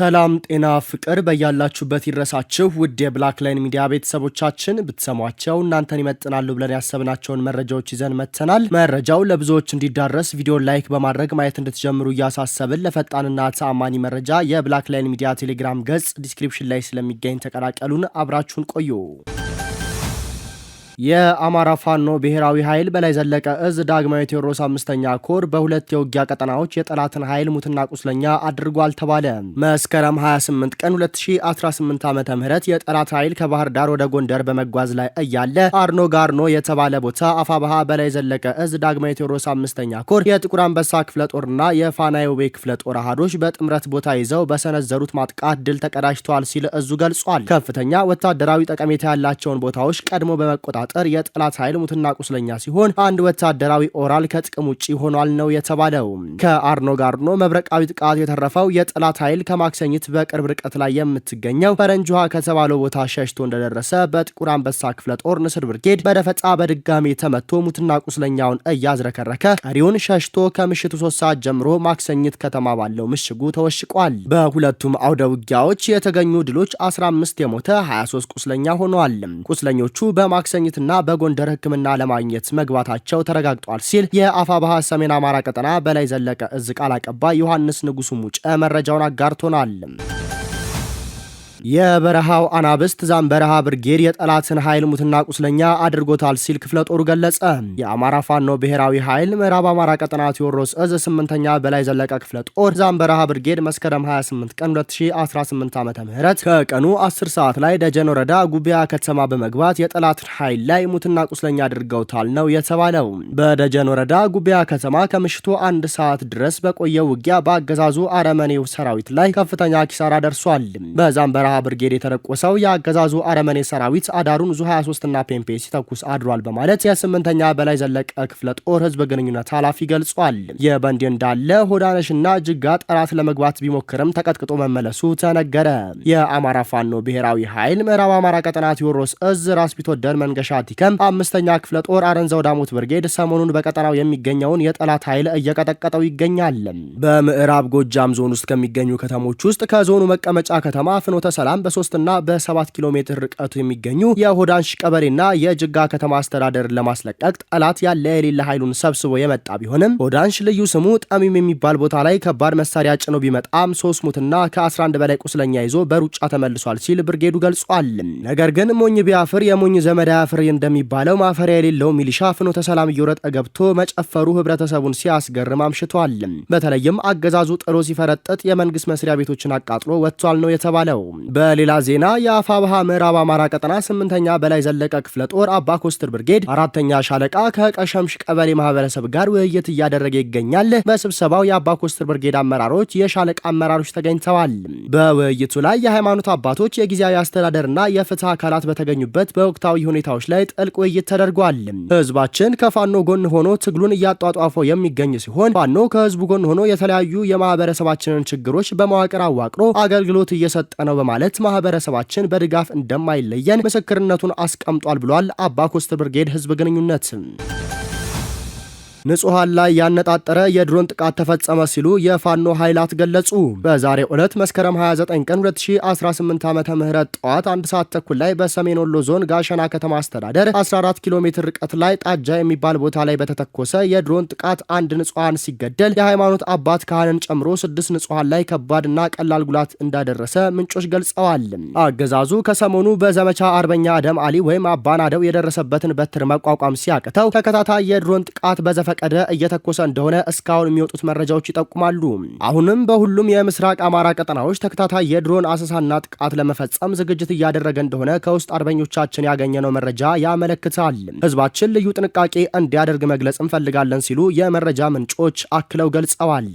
ሰላም ጤና ፍቅር በያላችሁበት ይድረሳችሁ። ውድ የብላክ ላይን ሚዲያ ቤተሰቦቻችን ብትሰሟቸው እናንተን ይመጥናሉ ብለን ያሰብናቸውን መረጃዎች ይዘን መጥተናል። መረጃው ለብዙዎች እንዲዳረስ ቪዲዮን ላይክ በማድረግ ማየት እንድትጀምሩ እያሳሰብን ለፈጣንና ተአማኒ መረጃ የብላክ ላይን ሚዲያ ቴሌግራም ገጽ ዲስክሪፕሽን ላይ ስለሚገኝ ተቀላቀሉን። አብራችሁን ቆዩ። የአማራ ፋኖ ብሔራዊ ኃይል በላይ ዘለቀ እዝ ዳግማዊ ቴዎድሮስ አምስተኛ ኮር በሁለት የውጊያ ቀጠናዎች የጠላትን ኃይል ሙትና ቁስለኛ አድርጓል ተባለ። መስከረም 28 ቀን 2018 ዓ ም የጠላት ኃይል ከባህር ዳር ወደ ጎንደር በመጓዝ ላይ እያለ አርኖ ጋርኖ የተባለ ቦታ አፋባሃ በላይ ዘለቀ እዝ ዳግማዊ ቴዎድሮስ አምስተኛ ኮር የጥቁር አንበሳ ክፍለ ጦርና የፋናዮቤ ክፍለ ጦር አህዶች በጥምረት ቦታ ይዘው በሰነዘሩት ማጥቃት ድል ተቀዳጅተዋል ሲል እዙ ገልጿል። ከፍተኛ ወታደራዊ ጠቀሜታ ያላቸውን ቦታዎች ቀድሞ በመቆጣጠ በመቆጣጠር የጠላት ኃይል ሙትና ቁስለኛ ሲሆን አንድ ወታደራዊ ኦራል ከጥቅም ውጭ ሆኗል ነው የተባለው። ከአርኖ ጋርኖ መብረቃዊ ጥቃት የተረፈው የጠላት ኃይል ከማክሰኝት በቅርብ ርቀት ላይ የምትገኘው ፈረንጅ ውሃ ከተባለው ቦታ ሸሽቶ እንደደረሰ በጥቁር አንበሳ ክፍለ ጦር ንስር ብርጌድ በደፈጣ በድጋሚ ተመቶ ሙትና ቁስለኛውን እያዝረከረከ ቀሪውን ሸሽቶ ከምሽቱ ሶስት ሰዓት ጀምሮ ማክሰኝት ከተማ ባለው ምሽጉ ተወሽቋል። በሁለቱም አውደ ውጊያዎች የተገኙ ድሎች 15 የሞተ 23 ቁስለኛ ሆነዋል። ቁስለኞቹ በማክሰኝት ለማግኘትና በጎንደር ሕክምና ለማግኘት መግባታቸው ተረጋግጧል ሲል የአፋባሃ ሰሜን አማራ ቀጠና በላይ ዘለቀ እዝ ቃል አቀባይ ዮሐንስ ንጉሱ ሙጨ መረጃውን አጋርቶናል። የበረሃው አናብስት ዛምበረሃ ብርጌድ የጠላትን ኃይል ሙትና ቁስለኛ አድርጎታል ሲል ክፍለ ጦሩ ገለጸ። የአማራ ፋኖ ብሔራዊ ኃይል ምዕራብ አማራ ቀጠና ቴዎድሮስ እዝ ስምንተኛ በላይ ዘለቀ ክፍለ ጦር ዛምበረሃ ብርጌድ መስከረም 28 ቀን 2018 ዓ ም ከቀኑ 10 ሰዓት ላይ ደጀን ወረዳ ጉቢያ ከተማ በመግባት የጠላትን ኃይል ላይ ሙትና ቁስለኛ አድርገውታል ነው የተባለው። በደጀን ወረዳ ጉቢያ ከተማ ከምሽቱ አንድ ሰዓት ድረስ በቆየ ውጊያ በአገዛዙ አረመኔው ሰራዊት ላይ ከፍተኛ ኪሳራ ደርሷል። በዛምበረሃ የበረሃ ብርጌድ የተለቆሰው የአገዛዙ አረመኔ ሰራዊት አዳሩን ዙ 23ና ፔምፔ ሲተኩስ አድሯል በማለት የስምንተኛ በላይ ዘለቀ ክፍለ ጦር ህዝብ ግንኙነት ኃላፊ ገልጿል። ይህ በእንዲህ እንዳለ ሆዳነሽና ጅጋ ጠላት ለመግባት ቢሞክርም ተቀጥቅጦ መመለሱ ተነገረ። የአማራ ፋኖ ብሔራዊ ኃይል ምዕራብ አማራ ቀጠና ቴዎድሮስ እዝ ራስ ቢትወደድ መንገሻ ቲከም አምስተኛ ክፍለ ጦር አረንዘው ዳሞት ብርጌድ ሰሞኑን በቀጠናው የሚገኘውን የጠላት ኃይል እየቀጠቀጠው ይገኛል። በምዕራብ ጎጃም ዞን ውስጥ ከሚገኙ ከተሞች ውስጥ ከዞኑ መቀመጫ ከተማ ፍኖተ ሰላም በሶስትና በሰባት ኪሎ ሜትር ርቀቱ የሚገኙ የሆዳንሽ ቀበሌና የጅጋ ከተማ አስተዳደርን ለማስለቀቅ ጠላት ያለ የሌለ ኃይሉን ሰብስቦ የመጣ ቢሆንም ሆዳንሽ ልዩ ስሙ ጠሚም የሚባል ቦታ ላይ ከባድ መሳሪያ ጭኖ ቢመጣም ሶስት ሙትና ከ11 በላይ ቁስለኛ ይዞ በሩጫ ተመልሷል ሲል ብርጌዱ ገልጿል። ነገር ግን ሞኝ ቢያፍር የሞኝ ዘመድ አያፍር እንደሚባለው ማፈሪያ የሌለው ሚሊሻ ፍኖተ ሰላም እየወረጠ ገብቶ መጨፈሩ ህብረተሰቡን ሲያስገርም አምሽቷል። በተለይም አገዛዙ ጥሎ ሲፈረጥጥ የመንግስት መስሪያ ቤቶችን አቃጥሎ ወጥቷል ነው የተባለው። በሌላ ዜና የአፋብሃ ምዕራብ አማራ ቀጠና ስምንተኛ በላይ ዘለቀ ክፍለ ጦር አባ ኮስትር ብርጌድ አራተኛ ሻለቃ ከቀሸምሽ ቀበሌ ማህበረሰብ ጋር ውይይት እያደረገ ይገኛል። በስብሰባው የአባ ኮስትር ብርጌድ አመራሮች፣ የሻለቃ አመራሮች ተገኝተዋል። በውይይቱ ላይ የሃይማኖት አባቶች፣ የጊዜያዊ አስተዳደርና የፍትህ አካላት በተገኙበት በወቅታዊ ሁኔታዎች ላይ ጥልቅ ውይይት ተደርጓል። ህዝባችን ከፋኖ ጎን ሆኖ ትግሉን እያጧጧፈው የሚገኝ ሲሆን ፋኖ ከህዝቡ ጎን ሆኖ የተለያዩ የማህበረሰባችንን ችግሮች በመዋቅር አዋቅሮ አገልግሎት እየሰጠ ነው በማለት በማለት ማህበረሰባችን በድጋፍ እንደማይለየን ምስክርነቱን አስቀምጧል ብሏል። አባ ኮስተር ብርጌድ ህዝብ ግንኙነት ንጹሐን ላይ ያነጣጠረ የድሮን ጥቃት ተፈጸመ ሲሉ የፋኖ ኃይላት ገለጹ። በዛሬ ዕለት መስከረም 29 ቀን 2018 ዓ ም ጠዋት አንድ ሰዓት ተኩል ላይ በሰሜን ወሎ ዞን ጋሸና ከተማ አስተዳደር 14 ኪሎ ሜትር ርቀት ላይ ጣጃ የሚባል ቦታ ላይ በተተኮሰ የድሮን ጥቃት አንድ ንጹሐን ሲገደል የሃይማኖት አባት ካህንን ጨምሮ ስድስት ንጹሐን ላይ ከባድና ቀላል ጉላት እንዳደረሰ ምንጮች ገልጸዋል። አገዛዙ ከሰሞኑ በዘመቻ አርበኛ አደም አሊ ወይም አባናደው የደረሰበትን በትር መቋቋም ሲያቅተው ተከታታይ የድሮን ጥቃት በዘፈ እየፈቀደ እየተኮሰ እንደሆነ እስካሁን የሚወጡት መረጃዎች ይጠቁማሉ። አሁንም በሁሉም የምስራቅ አማራ ቀጠናዎች ተከታታይ የድሮን አሰሳና ጥቃት ለመፈጸም ዝግጅት እያደረገ እንደሆነ ከውስጥ አርበኞቻችን ያገኘነው መረጃ ያመለክታል። ህዝባችን ልዩ ጥንቃቄ እንዲያደርግ መግለጽ እንፈልጋለን ሲሉ የመረጃ ምንጮች አክለው ገልጸዋል።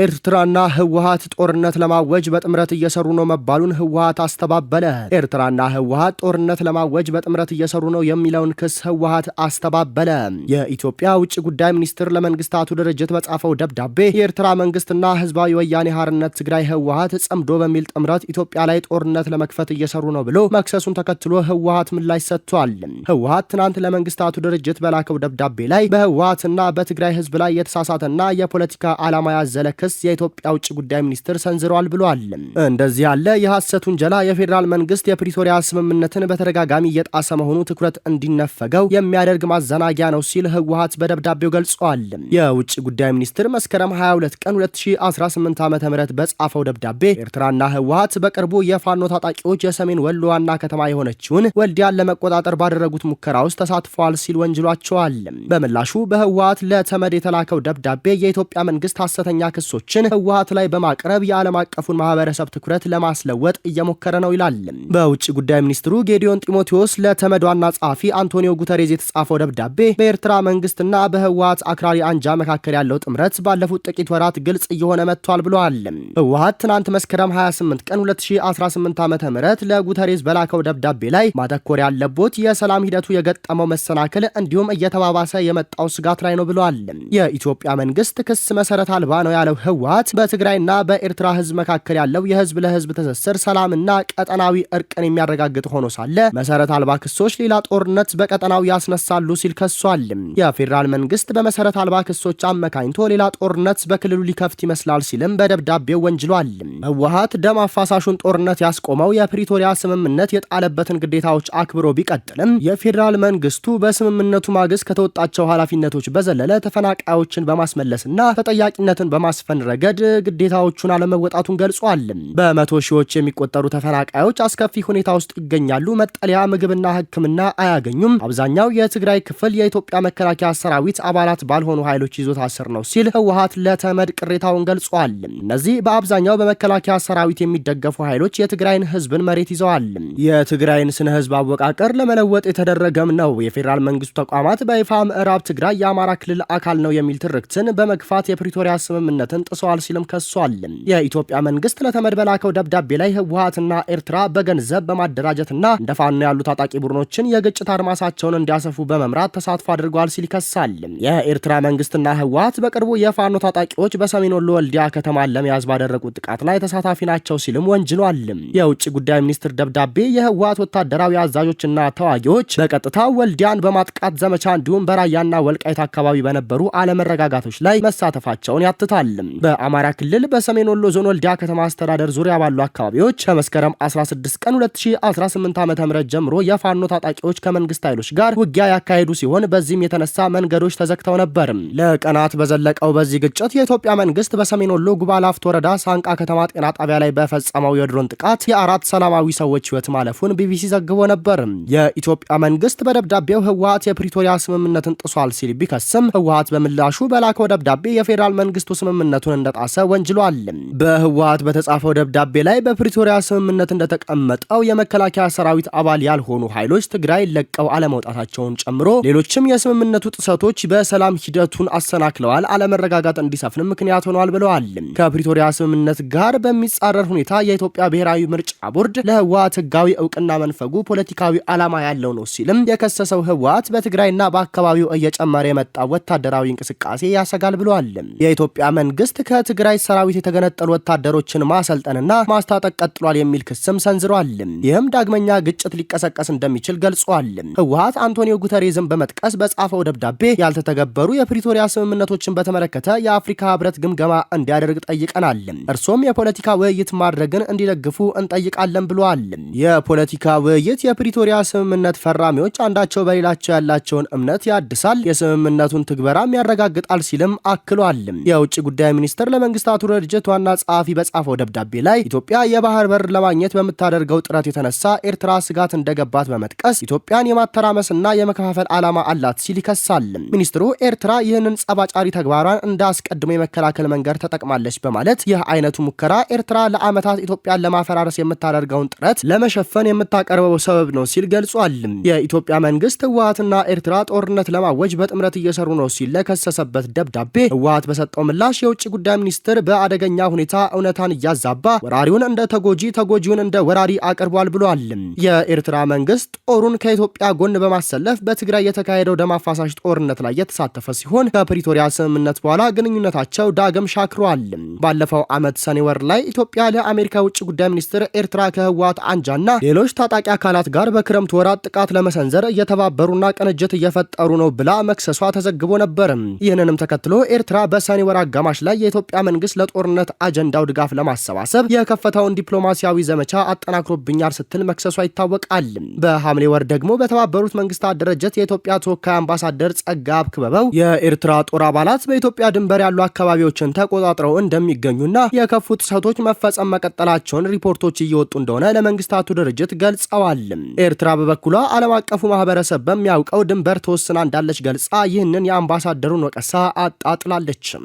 ኤርትራና ህወሀት ጦርነት ለማወጅ በጥምረት እየሰሩ ነው መባሉን ህወሀት አስተባበለ። ኤርትራና ህወሀት ጦርነት ለማወጅ በጥምረት እየሰሩ ነው የሚለውን ክስ ህወሀት አስተባበለ። የኢትዮጵያ ውጭ ጉዳይ ሚኒስትር ለመንግስታቱ ድርጅት በጻፈው ደብዳቤ የኤርትራ መንግስትና ህዝባዊ ወያኔ ሀርነት ትግራይ ህወሀት ጸምዶ በሚል ጥምረት ኢትዮጵያ ላይ ጦርነት ለመክፈት እየሰሩ ነው ብሎ መክሰሱን ተከትሎ ህወሀት ምላሽ ሰጥቷል። ህወሀት ትናንት ለመንግስታቱ ድርጅት በላከው ደብዳቤ ላይ በህወሀትና በትግራይ ህዝብ ላይ የተሳሳተና የፖለቲካ ዓላማ ያዘለ ክስ የኢትዮጵያ ውጭ ጉዳይ ሚኒስትር ሰንዝረዋል ብለዋል። እንደዚህ ያለ የሐሰት ውንጀላ የፌዴራል መንግስት የፕሪቶሪያ ስምምነትን በተደጋጋሚ እየጣሰ መሆኑ ትኩረት እንዲነፈገው የሚያደርግ ማዘናጊያ ነው ሲል ህወሀት በደብዳቤው ገልጿል። የውጭ ጉዳይ ሚኒስትር መስከረም 22 ቀን 2018 ዓ ም በጻፈው ደብዳቤ ኤርትራና ህወሀት በቅርቡ የፋኖ ታጣቂዎች የሰሜን ወሎ ዋና ከተማ የሆነችውን ወልዲያን ለመቆጣጠር ባደረጉት ሙከራ ውስጥ ተሳትፈዋል ሲል ወንጅሏቸዋል። በምላሹ በህወሀት ለተመድ የተላከው ደብዳቤ የኢትዮጵያ መንግስት ሐሰተኛ ክሱ ክሶችን ህወሀት ላይ በማቅረብ የዓለም አቀፉን ማህበረሰብ ትኩረት ለማስለወጥ እየሞከረ ነው ይላል። በውጭ ጉዳይ ሚኒስትሩ ጌዲዮን ጢሞቴዎስ ለተመድ ዋና ጸሐፊ አንቶኒዮ ጉተሬዝ የተጻፈው ደብዳቤ በኤርትራ መንግስትና በህወሀት አክራሪ አንጃ መካከል ያለው ጥምረት ባለፉት ጥቂት ወራት ግልጽ እየሆነ መጥቷል ብለዋል። ህወሀት ትናንት መስከረም 28 ቀን 2018 ዓ ም ለጉተሬዝ በላከው ደብዳቤ ላይ ማተኮር ያለቦት የሰላም ሂደቱ የገጠመው መሰናክል እንዲሁም እየተባባሰ የመጣው ስጋት ላይ ነው ብለዋል። የኢትዮጵያ መንግስት ክስ መሰረት አልባ ነው ያለው ህወሓት በትግራይና በኤርትራ ህዝብ መካከል ያለው የህዝብ ለህዝብ ትስስር ሰላምና ቀጠናዊ እርቅን የሚያረጋግጥ ሆኖ ሳለ መሰረት አልባ ክሶች ሌላ ጦርነት በቀጠናው ያስነሳሉ ሲል ከሷል። የፌዴራል መንግስት በመሰረት አልባ ክሶች አመካኝቶ ሌላ ጦርነት በክልሉ ሊከፍት ይመስላል ሲልም በደብዳቤው ወንጅሏል። ህወሓት ደም አፋሳሹን ጦርነት ያስቆመው የፕሪቶሪያ ስምምነት የጣለበትን ግዴታዎች አክብሮ ቢቀጥልም የፌዴራል መንግስቱ በስምምነቱ ማግስት ከተወጣቸው ኃላፊነቶች በዘለለ ተፈናቃዮችን በማስመለስና ተጠያቂነትን በማስፈ በማስፈን ረገድ ግዴታዎቹን አለመወጣቱን ገልጿል። በመቶ ሺዎች የሚቆጠሩ ተፈናቃዮች አስከፊ ሁኔታ ውስጥ ይገኛሉ። መጠለያ፣ ምግብና ሕክምና አያገኙም። አብዛኛው የትግራይ ክፍል የኢትዮጵያ መከላከያ ሰራዊት አባላት ባልሆኑ ኃይሎች ይዞታ ስር ነው ሲል ህወሀት ለተመድ ቅሬታውን ገልጿል። እነዚህ በአብዛኛው በመከላከያ ሰራዊት የሚደገፉ ኃይሎች የትግራይን ህዝብን መሬት ይዘዋል። የትግራይን ስነ ህዝብ አወቃቀር ለመለወጥ የተደረገም ነው። የፌዴራል መንግስቱ ተቋማት በይፋ ምዕራብ ትግራይ የአማራ ክልል አካል ነው የሚል ትርክትን በመግፋት የፕሪቶሪያ ስምምነትን መብትን ጥሰዋል ሲልም ከሷል። የኢትዮጵያ መንግስት ለተመድ በላከው ደብዳቤ ላይ ህወሀትና ኤርትራ በገንዘብ በማደራጀትና እንደ ፋኖ ያሉ ታጣቂ ቡድኖችን የግጭት አድማሳቸውን እንዲያሰፉ በመምራት ተሳትፎ አድርገዋል ሲል ይከሳል። የኤርትራ መንግስትና ህወሀት በቅርቡ የፋኖ ታጣቂዎች በሰሜን ወሎ ወልዲያ ከተማ ለመያዝ ባደረጉት ጥቃት ላይ ተሳታፊ ናቸው ሲልም ወንጅሏል። የውጭ ጉዳይ ሚኒስትር ደብዳቤ የህወሀት ወታደራዊ አዛዦችና ተዋጊዎች በቀጥታ ወልዲያን በማጥቃት ዘመቻ እንዲሁም በራያና ወልቃይት አካባቢ በነበሩ አለመረጋጋቶች ላይ መሳተፋቸውን ያትታል። በአማራ ክልል በሰሜን ወሎ ዞን ወልዲያ ከተማ አስተዳደር ዙሪያ ባሉ አካባቢዎች ከመስከረም 16 ቀን 2018 ዓ ም ጀምሮ የፋኖ ታጣቂዎች ከመንግስት ኃይሎች ጋር ውጊያ ያካሄዱ ሲሆን በዚህም የተነሳ መንገዶች ተዘግተው ነበር። ለቀናት በዘለቀው በዚህ ግጭት የኢትዮጵያ መንግስት በሰሜን ወሎ ጉባላፍቶ ወረዳ ሳንቃ ከተማ ጤና ጣቢያ ላይ በፈጸመው የድሮን ጥቃት የአራት ሰላማዊ ሰዎች ህይወት ማለፉን ቢቢሲ ዘግቦ ነበር። የኢትዮጵያ መንግስት በደብዳቤው ህወሀት የፕሪቶሪያ ስምምነትን ጥሷል ሲል ቢከስም ህወሀት በምላሹ በላከው ደብዳቤ የፌዴራል መንግስቱ ስምምነት ስምምነቱን እንደጣሰ ወንጅሏል። በህወሀት በተጻፈው ደብዳቤ ላይ በፕሪቶሪያ ስምምነት እንደተቀመጠው የመከላከያ ሰራዊት አባል ያልሆኑ ኃይሎች ትግራይ ለቀው አለመውጣታቸውን ጨምሮ ሌሎችም የስምምነቱ ጥሰቶች በሰላም ሂደቱን አሰናክለዋል፣ አለመረጋጋት እንዲሰፍን ምክንያት ሆነዋል ብለዋል። ከፕሪቶሪያ ስምምነት ጋር በሚጻረር ሁኔታ የኢትዮጵያ ብሔራዊ ምርጫ ቦርድ ለህወሀት ህጋዊ እውቅና መንፈጉ ፖለቲካዊ ዓላማ ያለው ነው ሲልም የከሰሰው ህወሀት በትግራይና በአካባቢው እየጨመረ የመጣ ወታደራዊ እንቅስቃሴ ያሰጋል ብለዋል። የኢትዮጵያ መንግስት መንግስት ከትግራይ ሰራዊት የተገነጠሉ ወታደሮችን ማሰልጠንና ማስታጠቅ ቀጥሏል የሚል ክስም ሰንዝሯል። ይህም ዳግመኛ ግጭት ሊቀሰቀስ እንደሚችል ገልጿል። ህወሀት አንቶኒዮ ጉተሬዝን በመጥቀስ በጻፈው ደብዳቤ ያልተተገበሩ የፕሪቶሪያ ስምምነቶችን በተመለከተ የአፍሪካ ህብረት ግምገማ እንዲያደርግ ጠይቀናል። እርሶም የፖለቲካ ውይይት ማድረግን እንዲደግፉ እንጠይቃለን ብለዋል። የፖለቲካ ውይይት የፕሪቶሪያ ስምምነት ፈራሚዎች አንዳቸው በሌላቸው ያላቸውን እምነት ያድሳል፣ የስምምነቱን ትግበራም ያረጋግጣል ሲልም አክሏል። የውጭ ጉዳይ ጉዳይ ሚኒስትር ለመንግስታቱ ድርጅት ዋና ጸሐፊ በጻፈው ደብዳቤ ላይ ኢትዮጵያ የባህር በር ለማግኘት በምታደርገው ጥረት የተነሳ ኤርትራ ስጋት እንደገባት በመጥቀስ ኢትዮጵያን የማተራመስና የመከፋፈል ዓላማ አላት ሲል ይከሳል። ሚኒስትሩ ኤርትራ ይህንን ጸባጫሪ ተግባሯን እንደ አስቀድሞ የመከላከል መንገድ ተጠቅማለች በማለት ይህ አይነቱ ሙከራ ኤርትራ ለዓመታት ኢትዮጵያን ለማፈራረስ የምታደርገውን ጥረት ለመሸፈን የምታቀርበው ሰበብ ነው ሲል ገልጿል። የኢትዮጵያ መንግስት ህወሀትና ኤርትራ ጦርነት ለማወጅ በጥምረት እየሰሩ ነው ሲል ለከሰሰበት ደብዳቤ ህወሀት በሰጠው ምላሽ የውጭ የውጭ ጉዳይ ሚኒስትር በአደገኛ ሁኔታ እውነታን እያዛባ ወራሪውን እንደ ተጎጂ ተጎጂውን እንደ ወራሪ አቅርቧል ብሏል። የኤርትራ መንግስት ጦሩን ከኢትዮጵያ ጎን በማሰለፍ በትግራይ የተካሄደው ደም አፋሳሽ ጦርነት ላይ የተሳተፈ ሲሆን ከፕሪቶሪያ ስምምነት በኋላ ግንኙነታቸው ዳግም ሻክሯል። ባለፈው ዓመት ሰኔ ወር ላይ ኢትዮጵያ ለአሜሪካ ውጭ ጉዳይ ሚኒስትር ኤርትራ ከህወሓት አንጃና ሌሎች ታጣቂ አካላት ጋር በክረምት ወራት ጥቃት ለመሰንዘር እየተባበሩና ቅንጅት እየፈጠሩ ነው ብላ መክሰሷ ተዘግቦ ነበር። ይህንንም ተከትሎ ኤርትራ በሰኔ ወር አጋማሽ ላይ የኢትዮጵያ መንግስት ለጦርነት አጀንዳው ድጋፍ ለማሰባሰብ የከፈተውን ዲፕሎማሲያዊ ዘመቻ አጠናክሮብኛል ስትል መክሰሷ ይታወቃል። በሐምሌ ወር ደግሞ በተባበሩት መንግስታት ድርጅት የኢትዮጵያ ተወካይ አምባሳደር ጸጋብ ክበበው የኤርትራ ጦር አባላት በኢትዮጵያ ድንበር ያሉ አካባቢዎችን ተቆጣጥረው እንደሚገኙና የከፉ ጥሰቶች መፈጸም መቀጠላቸውን ሪፖርቶች እየወጡ እንደሆነ ለመንግስታቱ ድርጅት ገልጸዋል። ኤርትራ በበኩሏ ዓለም አቀፉ ማህበረሰብ በሚያውቀው ድንበር ተወስና እንዳለች ገልጻ ይህንን የአምባሳደሩን ወቀሳ አጣጥላለችም።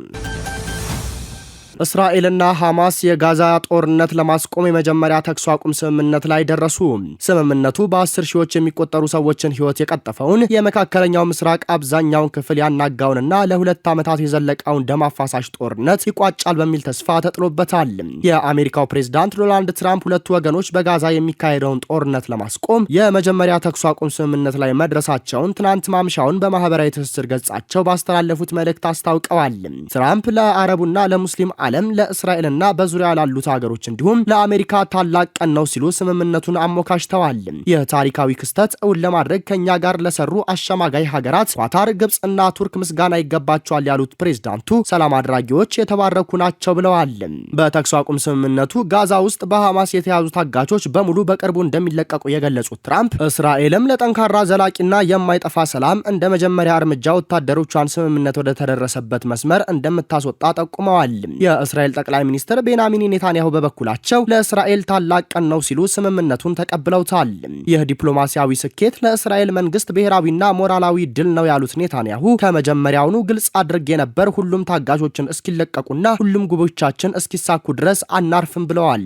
እስራኤልና ሐማስ የጋዛ ጦርነት ለማስቆም የመጀመሪያ ተኩስ አቁም ስምምነት ላይ ደረሱ። ስምምነቱ በአስር ሺዎች የሚቆጠሩ ሰዎችን ሕይወት የቀጠፈውን የመካከለኛው ምስራቅ አብዛኛውን ክፍል ያናጋውንና ለሁለት ዓመታት የዘለቀውን ደም አፋሳሽ ጦርነት ይቋጫል በሚል ተስፋ ተጥሎበታል። የአሜሪካው ፕሬዝዳንት ዶናልድ ትራምፕ ሁለቱ ወገኖች በጋዛ የሚካሄደውን ጦርነት ለማስቆም የመጀመሪያ ተኩስ አቁም ስምምነት ላይ መድረሳቸውን ትናንት ማምሻውን በማህበራዊ ትስስር ገጻቸው ባስተላለፉት መልእክት አስታውቀዋል። ትራምፕ ለአረቡና ለሙስሊም ዓለም ለእስራኤልና በዙሪያ ላሉት ሀገሮች እንዲሁም ለአሜሪካ ታላቅ ቀን ነው ሲሉ ስምምነቱን አሞካሽተዋል። ይህ ታሪካዊ ክስተት እውን ለማድረግ ከኛ ጋር ለሰሩ አሸማጋይ ሀገራት ኳታር፣ ግብፅና ቱርክ ምስጋና ይገባቸዋል ያሉት ፕሬዝዳንቱ ሰላም አድራጊዎች የተባረኩ ናቸው ብለዋል። በተኩስ አቁም ስምምነቱ ጋዛ ውስጥ በሐማስ የተያዙ ታጋቾች በሙሉ በቅርቡ እንደሚለቀቁ የገለጹት ትራምፕ እስራኤልም ለጠንካራ ዘላቂና የማይጠፋ ሰላም እንደ መጀመሪያ እርምጃ ወታደሮቿን ስምምነት ወደ ተደረሰበት መስመር እንደምታስወጣ ጠቁመዋል። የእስራኤል ጠቅላይ ሚኒስትር ቤንያሚን ኔታንያሁ በበኩላቸው ለእስራኤል ታላቅ ቀን ነው ሲሉ ስምምነቱን ተቀብለውታል። ይህ ዲፕሎማሲያዊ ስኬት ለእስራኤል መንግስት ብሔራዊና ሞራላዊ ድል ነው ያሉት ኔታንያሁ ከመጀመሪያውኑ ግልጽ አድርጌ ነበር፣ ሁሉም ታጋቾችን እስኪለቀቁና ሁሉም ጉቦቻችን እስኪሳኩ ድረስ አናርፍም ብለዋል።